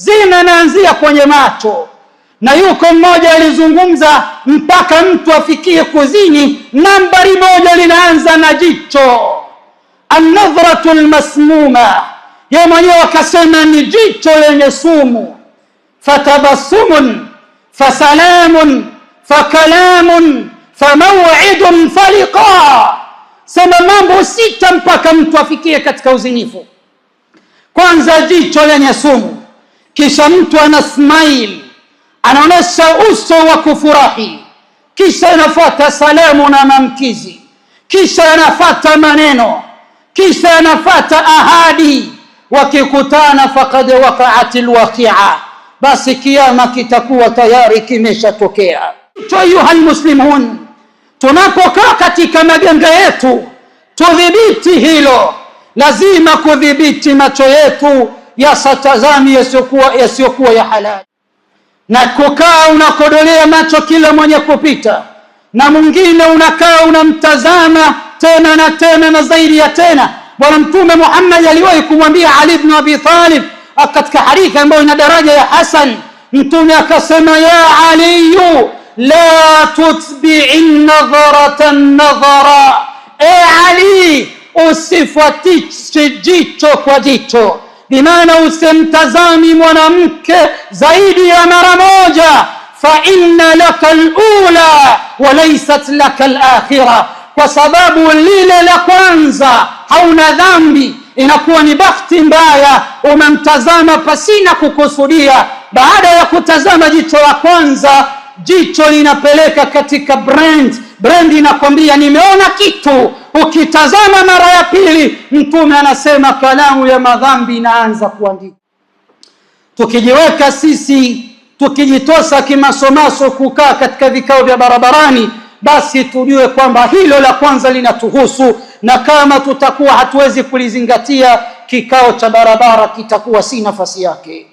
Zina naanzia kwenye macho, na yuko mmoja alizungumza, mpaka mtu afikie kuzini, nambari moja linaanza na jicho, an-nadhratu al-masmuma. Yeye mwenyewe akasema ni jicho lenye sumu. Fatabassumun fasalamun fakalamun famaw'idun faliqa, sema mambo sita mpaka mtu afikie katika uzinifu. Kwanza jicho lenye sumu kisha mtu ana smile anaonesha uso wa kufurahi, kisha inafuata salamu na mamkizi kisha yanafuata maneno, kisha yanafuata ahadi. Wakikutana faqad waqaat alwaqia, basi kiama kitakuwa tayari kimeshatokea. Ayuha almuslimun, tunapokaa katika magenge yetu tudhibiti hilo, lazima kudhibiti macho yetu yasatazami yasiyokuwa yasiyokuwa ya halali, na kukaa unakodolea macho kila mwenye kupita, na mwingine unakaa unamtazama tena na tena na zaidi ya tena. Bwana Mtume Muhammad aliwahi kumwambia Ali ibn Abi Talib katika hadithi ambayo ina daraja ya hasan, Mtume akasema ya aliyu la tutbii nadharatan nadhara, e Ali usifuatishe jicho kwa jicho bimaana usimtazami mwanamke zaidi ya mara moja, fa inna laka lula walaysat laka lakhira, kwa sababu lile la kwanza hauna dhambi, inakuwa ni bakhti mbaya, umemtazama pasina kukusudia. Baada ya kutazama jicho la kwanza, jicho linapeleka katika brand, brand inakwambia nimeona kitu Ukitazama mara ya pili, Mtume anasema kalamu ya madhambi inaanza kuandika. Tukijiweka sisi tukijitosa kimasomaso kukaa katika vikao vya barabarani, basi tujue kwamba hilo la kwanza linatuhusu, na kama tutakuwa hatuwezi kulizingatia, kikao cha barabara kitakuwa si nafasi yake.